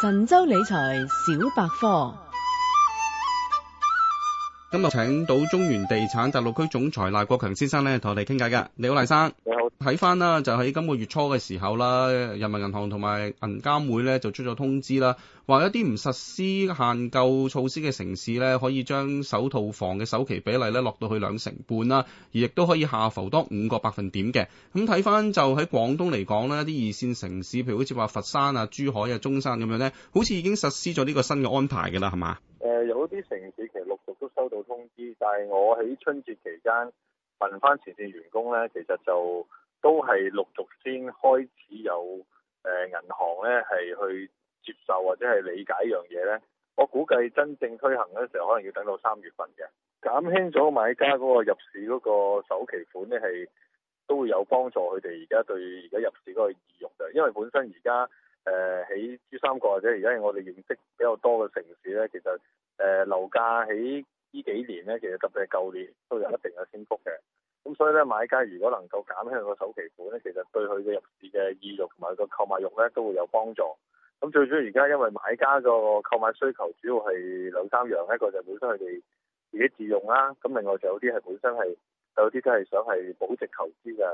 神州理財小百科。咁請到中原地產大陸區總裁賴國強先生咧，同我哋傾偈嘅。你好，賴生。你好。睇翻啦，就喺今個月初嘅時候啦，人民銀行同埋銀監會咧就出咗通知啦，話一啲唔實施限購措施嘅城市咧，可以將首套房嘅首期比例咧落到去兩成半啦，而亦都可以下浮多五個百分點嘅。咁睇翻就喺廣東嚟講呢啲二線城市，譬如好似話佛山啊、珠海啊、中山咁樣呢，好似已經實施咗呢個新嘅安排噶啦，係嘛？有啲城市其實陸續都收到通知，但係我喺春節期間問翻前線員工呢，其實就都係陸續先開始有誒銀行呢係去接受或者係理解一樣嘢呢。我估計真正推行嘅時候，可能要等到三月份嘅，減輕咗買家嗰個入市嗰個首期款呢，係都會有幫助佢哋而家對而家入市嗰個意欲，因為本身而家。誒、呃，喺珠三角或者而家係我哋認識比較多嘅城市咧，其實誒樓價喺呢幾年咧，其實特別係舊年都有一定嘅升幅嘅。咁所以咧，買家如果能夠減輕個首期款咧，其實對佢嘅入市嘅意欲同埋個購買欲咧都會有幫助。咁最主要而家因為買家個購買需求主要係兩三樣，一個就本身佢哋自，自己自用啦，啊，咁另外就有啲係本身係有啲都係想係保值投資噶。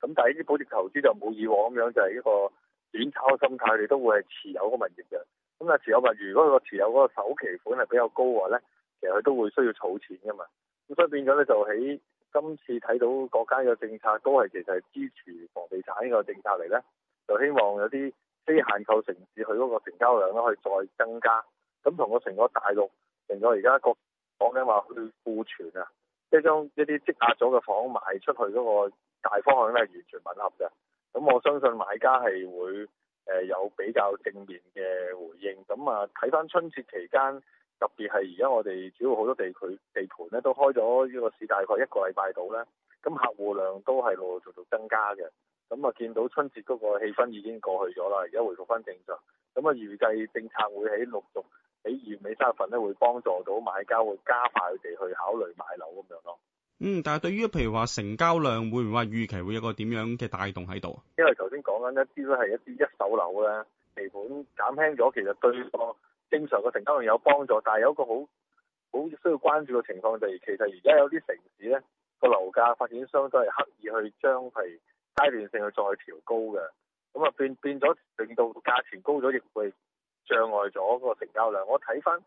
咁但係呢啲保值投資就冇以往咁樣就係一個。短炒嘅心態，你都會係持有個物業嘅。咁啊，持有物，如果個持有嗰個首期款係比較高嘅話咧，其實佢都會需要儲錢㗎嘛。咁所以變咗咧，就喺今次睇到國家嘅政策都係其實係支持房地產呢個政策嚟咧，就希望有啲非限購城市佢嗰個成交量咧可以再增加。咁同個成個大陸成咗而家個講緊話去庫存啊，即係將一啲積壓咗嘅房賣出去嗰個大方向咧，係完全吻合嘅。咁我相信買家係，會誒有比較正面嘅回應。咁啊，睇翻春節期間，特別係而家我哋主要好多地區地盤咧都開咗呢個市，大概一個禮拜到咧。咁客戶量都係陸陸續續增加嘅。咁啊，見到春節嗰個氣氛已經過去咗啦，而家回複翻正常。咁啊，預計政策會喺陸續喺二月尾三月份咧，會幫助到買家會加快佢哋去考慮買樓咁樣咯。嗯，但係對於譬如話成交量會唔會預期會有一個點樣嘅帶動喺度？因為頭先講緊一啲都係一啲一手樓咧，期盤減輕咗，其實對個正常嘅成交量有幫助。但係有一個好，好需要關注嘅情況就係，其實而家有啲城市咧個樓價發展商都係刻意去將係階段性去再調高嘅，咁啊變變咗令到價錢高咗，亦會障礙咗個成交量。我睇翻，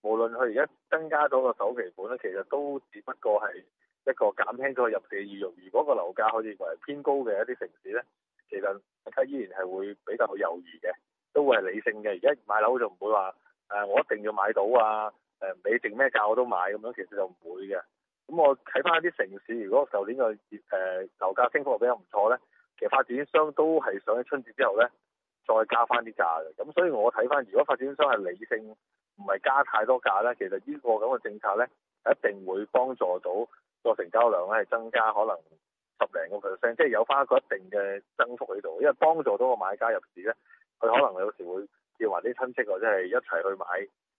無論佢而家增加咗個首期盤咧，其實都只不過係。一個減輕咗入市嘅意欲。如果個樓價可以認為偏高嘅一啲城市呢，其實大家依然係會比較好猶豫嘅，都會係理性嘅。而家買樓就唔會話、呃、我一定要買到啊，誒、呃、你定咩價我都買咁樣，其實就唔會嘅。咁我睇翻一啲城市，如果舊年個誒、呃、樓價升幅比較唔錯呢，其實發展商都係上咗春節之後呢，再加翻啲價嘅。咁所以我睇翻，如果發展商係理性，唔係加太多價呢，其實呢個咁嘅政策呢，一定會幫助到。個成交量咧，係增加，可能十零個 percent，即係有翻一個一定嘅增幅喺度，因為幫助到個買家入市咧，佢可能有時會叫埋啲親戚或者係一齊去買，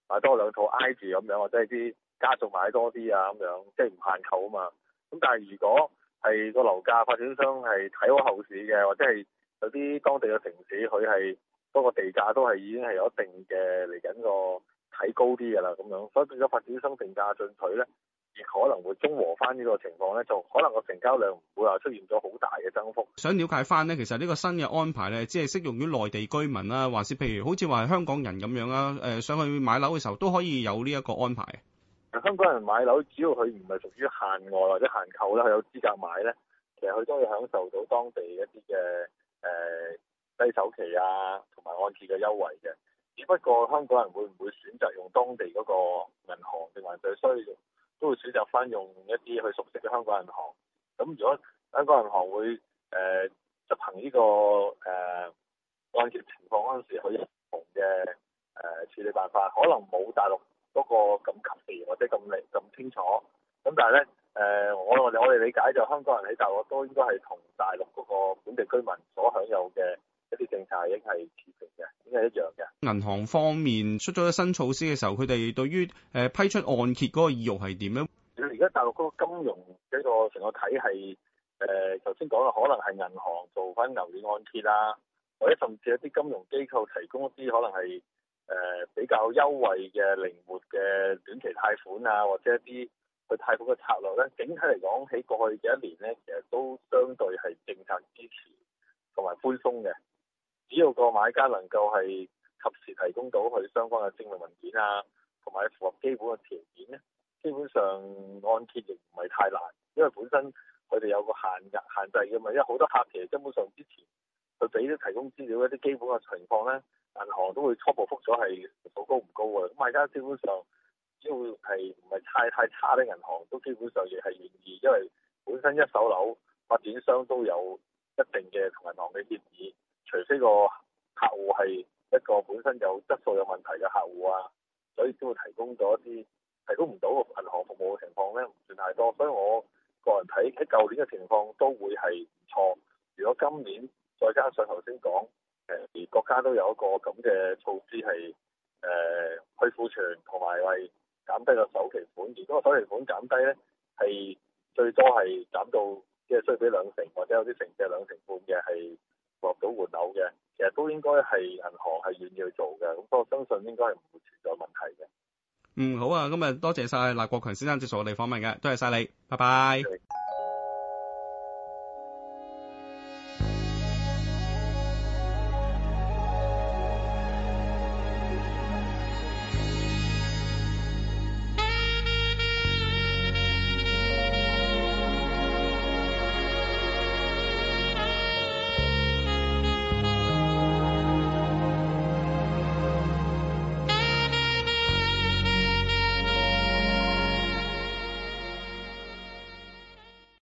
買多兩套挨住咁樣，或者係啲家族買多啲啊咁樣，即係唔限購啊嘛。咁但係如果係個樓價發展商係睇好後市嘅，或者係有啲當地嘅城市佢係嗰個地價都係已經係有一定嘅嚟緊個睇高啲噶啦咁樣，所以變咗發展商定價進取咧。可能會中和翻呢個情況咧，就可能個成交量唔會話出現咗好大嘅增幅。想了解翻咧，其實呢個新嘅安排咧，只係適用於內地居民啦，還是譬如好似話係香港人咁樣啦？誒，上去買樓嘅時候都可以有呢一個安排。香港人買樓，只要佢唔係屬於限外或者限購咧，佢有資格買咧，其實佢都會享受到當地一啲嘅、呃、低首期啊，同埋按揭嘅優惠嘅。只不過香港人會唔會選擇用當地嗰個銀行定還是需要用？都會選擇翻用一啲佢熟悉嘅香港銀行。咁如果香港銀行會誒執行呢個誒緊急情況嗰陣時不的，佢同嘅誒處理辦法，可能冇大陸嗰個咁及時或者咁明咁清楚。咁但係咧誒，我我哋理解就香港人喺大陸都應該係同大陸嗰個本地居民所享有嘅。銀行方面出咗一新措施嘅時候，佢哋對於誒、呃、批出按揭嗰個意欲係點樣？而家大陸嗰個金融呢個成個體系，誒頭先講嘅可能係銀行做翻牛年按揭啦，啊，或者甚至一啲金融機構提供一啲可能係誒、呃、比較優惠嘅靈活嘅短期貸款啊，或者一啲去貸款嘅策略咧。整體嚟講，喺過去嘅一年咧，其實都相對係政策支持同埋寬鬆嘅，只要個買家能夠係。及時提供到佢相關嘅證明文件啊，同埋符合基本嘅條件咧，基本上按揭亦唔係太難，因為本身佢哋有個限額限制嘅嘛。因為好多客其實根本上之前佢俾啲提供資料一啲基本嘅情況咧，銀行都會初步覆咗係數高唔高嘅。咁而家基本上只要係唔係太太差啲銀行，都基本上亦係願意，因為本身一手樓發展商都有一定嘅同銀行嘅協議，除非個客戶係。一個本身有質素有問題嘅客戶啊，所以先會提供咗一啲提供唔到嘅銀行服務嘅情況咧，唔算太多，所以我個人睇喺舊年嘅情況都會係唔錯。如果今年再加上頭先講，而、呃、國家都有一個咁嘅措施係、呃、去庫存同埋為減低個首期款，而嗰個首期款減低咧。銀行係願意去做嘅，不過我相信應該係唔會存在問題嘅。嗯，好啊，今日多謝晒咁啊，賴國強先生接受我哋訪問嘅，多謝晒你，拜拜。謝謝